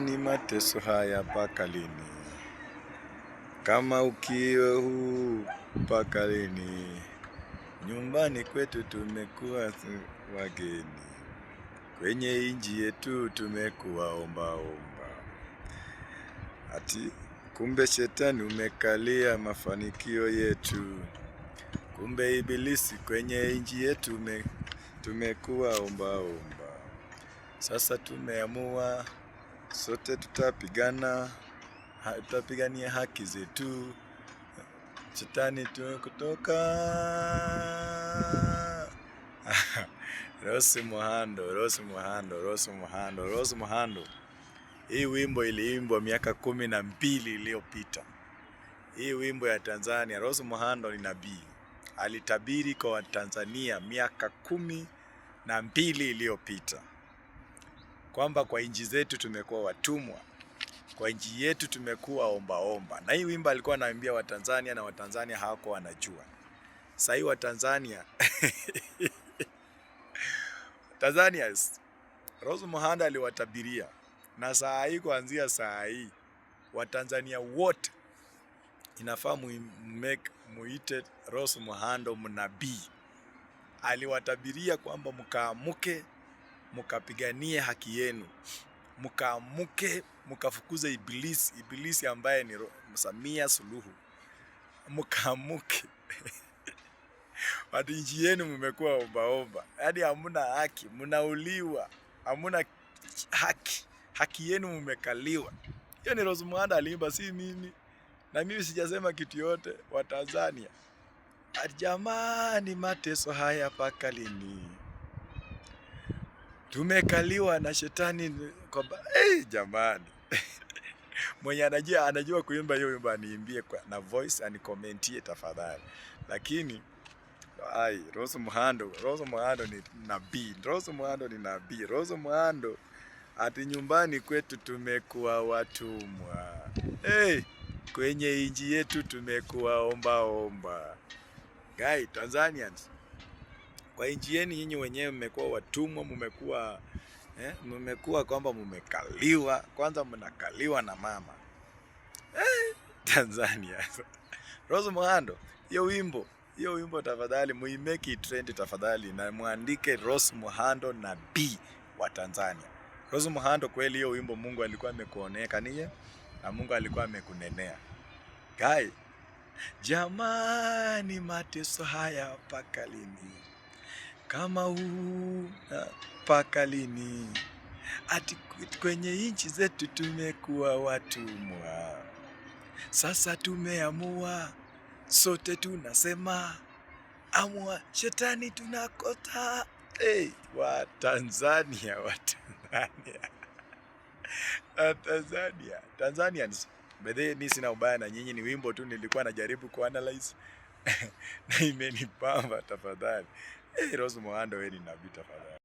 Ni mateso haya mpaka lini? Kama ukiwe huu mpaka lini? Nyumbani kwetu tumekuwa wageni, kwenye inji yetu tumekuwa ombaomba. Ati kumbe shetani umekalia mafanikio yetu, kumbe ibilisi kwenye inji yetu tumekuwa ombaomba. Sasa tumeamua sote tutapigana, tutapigania haki zetu. Shetani tu kutoka Rose Muhando, Rose Muhando, Rose Muhando, Rose Muhando. Hii wimbo iliimbwa miaka kumi na mbili iliyopita. Hii wimbo ya Tanzania, Rose Muhando ni nabii, alitabiri kwa Watanzania miaka kumi na mbili iliyopita kwamba kwa nchi zetu tumekuwa watumwa, kwa nchi yetu tumekuwa ombaomba. Na hii wimbo alikuwa anaambia Watanzania na Watanzania hawakuwa wanajua. Sasa hii Watanzania Tanzania Rose Muhando aliwatabiria, na saa hii kuanzia saa hii Watanzania wote inafaa make muite Rose Muhando mnabii. Aliwatabiria kwamba mkaamuke mukapiganie haki yenu, mukaamuke, mukafukuze Ibilisi, Ibilisi ambaye ni Samia Suluhu, mukaamuke watu nchi yenu mmekuwa ombaomba, yaani hamuna haki, mnauliwa, hamuna haki, haki yenu mmekaliwa. Hiyo ni Rose Muhando alimba, si mimi, na mimi sijasema kitu yote. Watanzania, jamani, mateso haya paka lini? Tumekaliwa na shetani kwamba hey, jamani mwenye anajua anajua kuimba hiyo wimbo aniimbie na voice anikomentie tafadhali, lakini ai, Rose Muhando, Rose Muhando ni nabii, Rose Muhando ni nabii, Rose Muhando ati nyumbani kwetu tumekuwa watumwa hey, kwenye inji yetu tumekuwa ombaomba. Guy Tanzanians kwa nchi yenu nyinyi wenyewe mmekuwa watumwa, mmekuwa eh, mmekuwa kwamba mmekaliwa, kwanza mnakaliwa na mama eh, Tanzania Rose Muhando, hiyo wimbo hiyo wimbo tafadhali muimeki trend tafadhali, na muandike Rose Muhando na B wa Tanzania. Rose Muhando, kweli hiyo wimbo Mungu alikuwa amekuonekania na Mungu alikuwa amekunenea Kai. Jamani, mateso haya mpaka lini? kama huu mpaka lini? Ati kwenye nchi zetu tumekuwa watumwa. Sasa tumeamua sote, tunasema amua shetani tunakota. Hey, Watanzania, Watanzania, Watanzania, Tanzanians mi sina ubaya na nyinyi, ni wimbo tu nilikuwa najaribu kuanalyze na imenipamba tafadhali. Hey, Rose Muhando wewe ni nabii tafadhali.